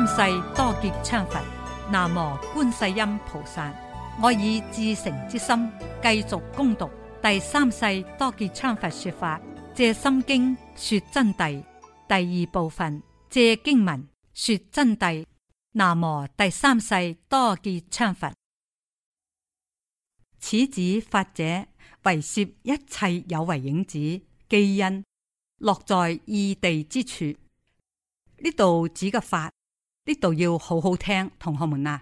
三世多杰羌佛，南無觀世音菩薩。我以至誠之心，繼續攻讀第三世多杰羌佛說法《藉心經》說真諦第二部分《藉經文說真諦》，南無第三世多杰羌佛。此指法者，為攝一切有為影子，基因落在異地之處。呢度指嘅法。呢度要好好聽，同學們啊，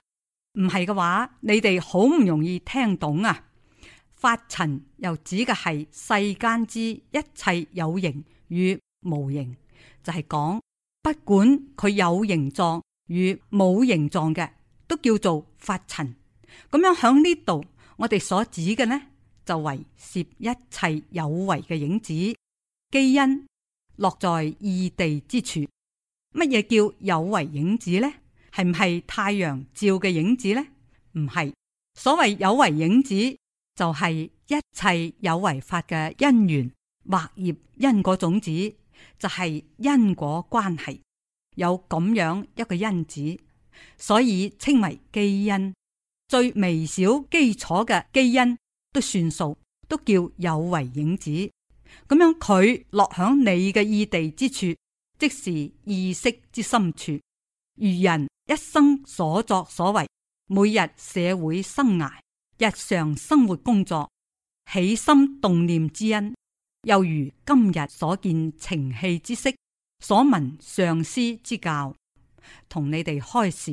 唔係嘅話，你哋好唔容易聽懂啊。法塵又指嘅係世間之一切有形與無形，就係講不管佢有形狀與冇形狀嘅，都叫做法塵。咁樣響呢度，我哋所指嘅呢，就為攝一切有為嘅影子，基因落在異地之處。乜嘢叫有為影子呢？係唔係太陽照嘅影子呢？唔係，所謂有為影子就係、是、一切有為法嘅因緣、惑業、因果種子，就係、是、因果關係有咁樣一個因子，所以稱為基因。最微小基礎嘅基因都算數，都叫有為影子。咁樣佢落響你嘅異地之處。即是意識之深處，如人一生所作所為，每日社會生涯、日常生活工作，起心動念之恩，又如今日所見情氣之色，所聞上師之教，同你哋開示，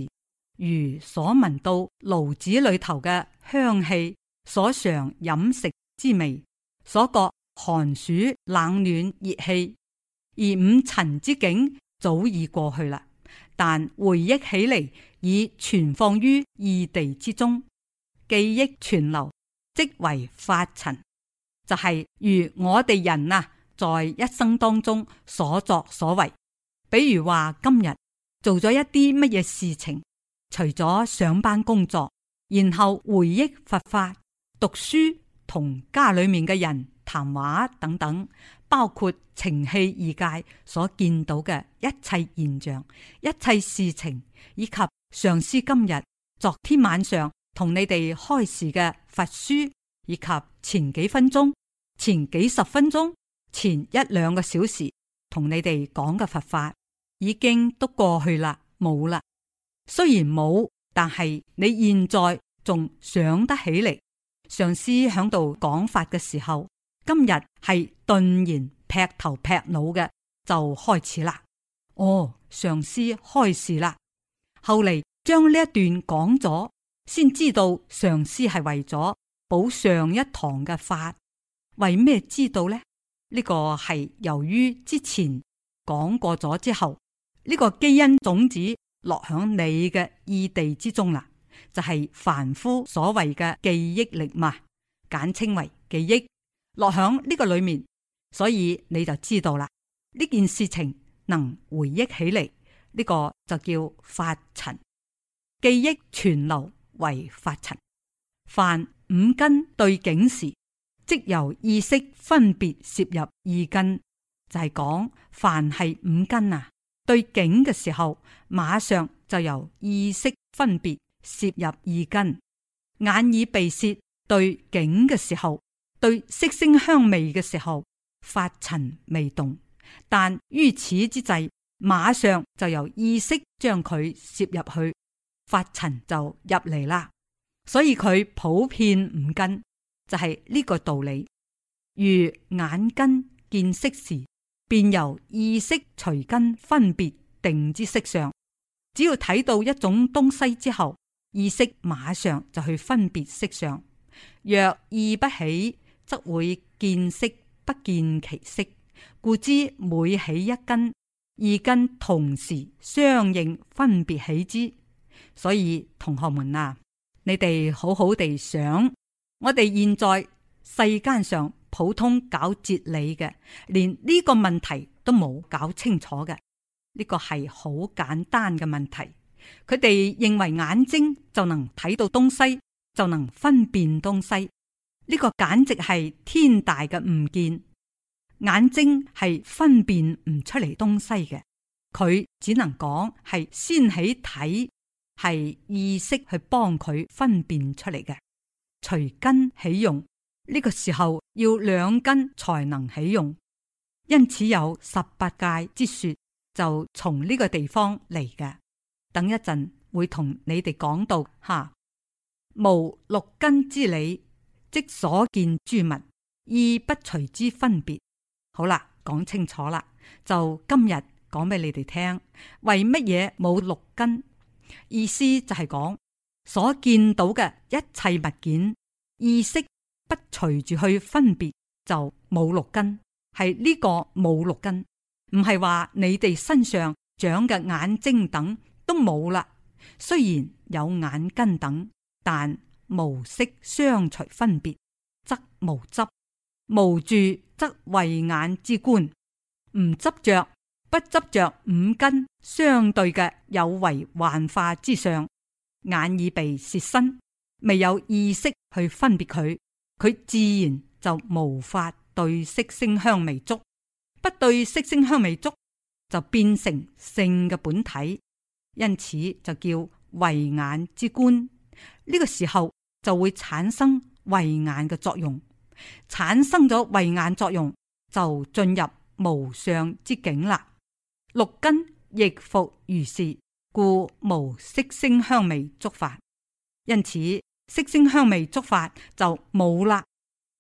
如所聞到爐子裡頭嘅香氣，所嘗飲食之味，所覺寒暑冷暖熱氣。而五塵之境早已過去啦，但回憶起嚟，已存放於異地之中，記憶存留，即為法塵，就係、是、如我哋人啊，在一生當中所作所為，比如話今日做咗一啲乜嘢事情，除咗上班工作，然後回憶佛法、讀書同家裏面嘅人。談話等等，包括情器二界所見到嘅一切現象、一切事情，以及上師今日、昨天晚上同你哋開示嘅佛書，以及前幾分鐘、前幾十分鐘、前一兩個小時同你哋講嘅佛法，已經都過去啦，冇啦。雖然冇，但係你現在仲想得起嚟，上師響度講法嘅時候。今日係頓然劈頭劈腦嘅就開始啦。哦，上師開始啦，後嚟將呢一段講咗，先知道上師係為咗補上一堂嘅法。為咩知道呢？呢個係由於之前講過咗之後，呢個基因種子落響你嘅意地之中啦，就係凡夫所謂嘅記憶力嘛，簡稱為記憶。落響呢個裏面，所以你就知道啦。呢件事情能回憶起嚟，呢、這個就叫法塵記憶存留為法塵。凡五根對境時，即由意識分別攝入二根，就係、是、講凡係五根啊，對境嘅時候，馬上就由意識分別攝入二根，眼耳鼻舌對境嘅時候。對色聲香味嘅時候，法塵未動，但於此之際，馬上就由意識將佢攝入去，法塵就入嚟啦。所以佢普遍五根就係、是、呢個道理。如眼根見色時，便由意識隨根分別定之色相。只要睇到一種東西之後，意識馬上就去分別色相。若意不起，則會見色不見其色，故知每起一根，二根同時相應分別起之。所以同學們啊，你哋好好地想，我哋現在世間上普通搞哲理嘅，連呢個問題都冇搞清楚嘅，呢個係好簡單嘅問題。佢哋認為眼睛就能睇到東西，就能分辨東西。呢個簡直係天大嘅誤見，眼睛係分辨唔出嚟東西嘅，佢只能講係先起睇，係意識去幫佢分辨出嚟嘅。隨根起用，呢、這個時候要兩根才能起用，因此有十八界之說就從呢個地方嚟嘅。等一陣會同你哋講到吓，無六根之理。即所見諸物，意不隨之分別。好啦，講清楚啦，就今日講俾你哋聽，為乜嘢冇六根？意思就係講所見到嘅一切物件，意識不隨住去分別，就冇六根。係呢個冇六根，唔係話你哋身上長嘅眼睛等都冇啦。雖然有眼根等，但。無色相隨分別，則無執；無住則為眼之觀。唔執着，不執着五根相對嘅有為幻化之上，眼耳鼻舌身，未有意識去分別佢，佢自然就無法對色聲香味觸，不對色聲香味觸，就變成性嘅本體，因此就叫為眼之觀。呢、這個時候。就會產生慧眼嘅作用，產生咗慧眼作用就進入無上之境啦。六根亦復如是，故無色聲香味觸法。因此色聲香味觸法就冇啦。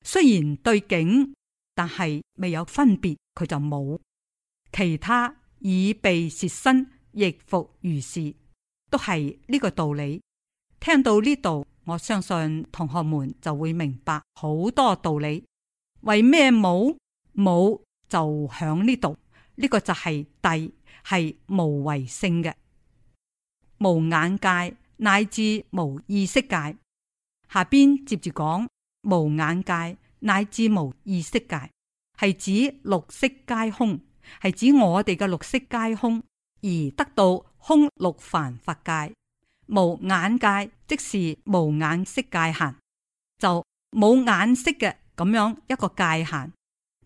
雖然對境，但係未有分別，佢就冇。其他耳鼻舌身亦復如是，都係呢個道理。聽到呢度。我相信同學們就會明白好多道理。為咩冇，冇就喺呢度？呢個就係帝，係無為性嘅，無眼界乃至無意識界。下邊接住講無眼界乃至無意識界，係指六識皆空，係指我哋嘅六識皆空而得到空六凡法界，無眼界。即是無眼識界限，就冇眼識嘅咁樣一個界限。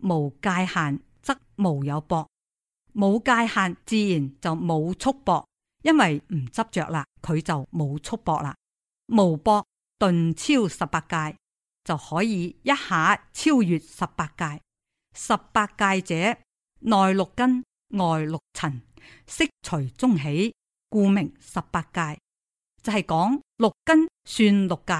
無界限則無有縛，冇界限自然就冇束縛，因為唔執着啦，佢就冇束縛啦。無縛頓超十八界，就可以一下超越十八界。十八界者，內六根，外六塵，識隨中起，故名十八界。就係講六根算六界，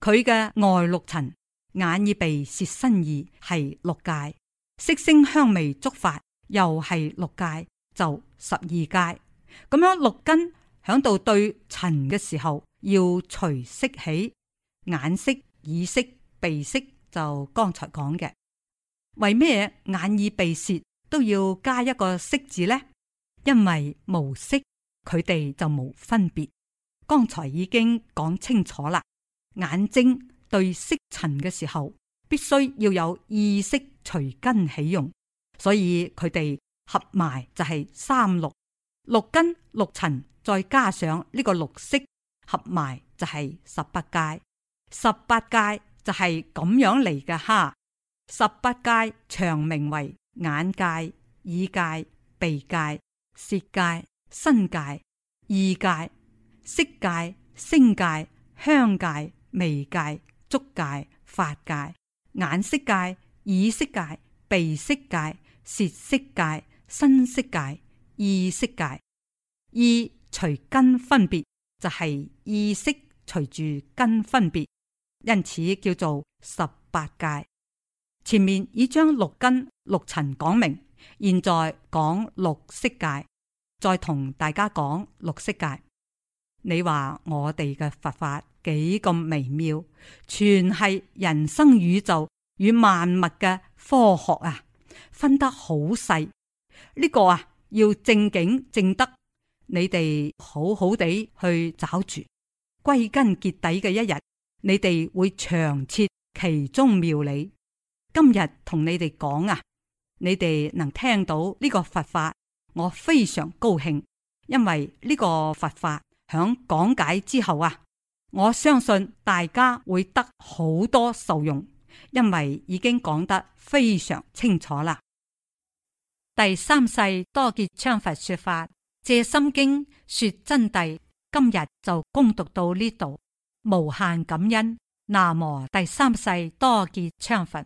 佢嘅外六塵眼耳鼻舌身意係六界，色聲香味觸法又係六界，就十二界。咁樣六根響度對塵嘅時候，要隨色起眼色、耳色、鼻色，就剛才講嘅。為咩眼耳鼻舌都要加一個色字呢？因為無色佢哋就冇分別。剛才已經講清楚啦，眼睛對色塵嘅時候，必須要有意識隨根起用，所以佢哋合埋就係三六六根六塵，再加上呢個六識合埋就係十八界。十八界就係咁樣嚟嘅哈。十八界長名為眼界、耳界、鼻界、鼻界、舌界、身界、意界。色界、聲界、香界、味界、觸界、法界、眼色界、耳色界、鼻色界、舌色界、身色界、意色界。意隨根分別，就係、是、意識隨住根分別，因此叫做十八界。前面已將六根六塵講明，現在講六色界，再同大家講六色界。你話我哋嘅佛法幾咁微妙，全係人生宇宙與萬物嘅科學啊，分得好細。呢個啊要正境正德，你哋好好地去找住，歸根結底嘅一日，你哋會長徹其中妙理。今日同你哋講啊，你哋能聽到呢個佛法，我非常高興，因為呢個佛法。響講解之後啊，我相信大家會得好多受用，因為已經講得非常清楚啦。第三世多杰羌佛說法，借心經說真諦，今日就恭讀到呢度，無限感恩。南無第三世多杰羌佛。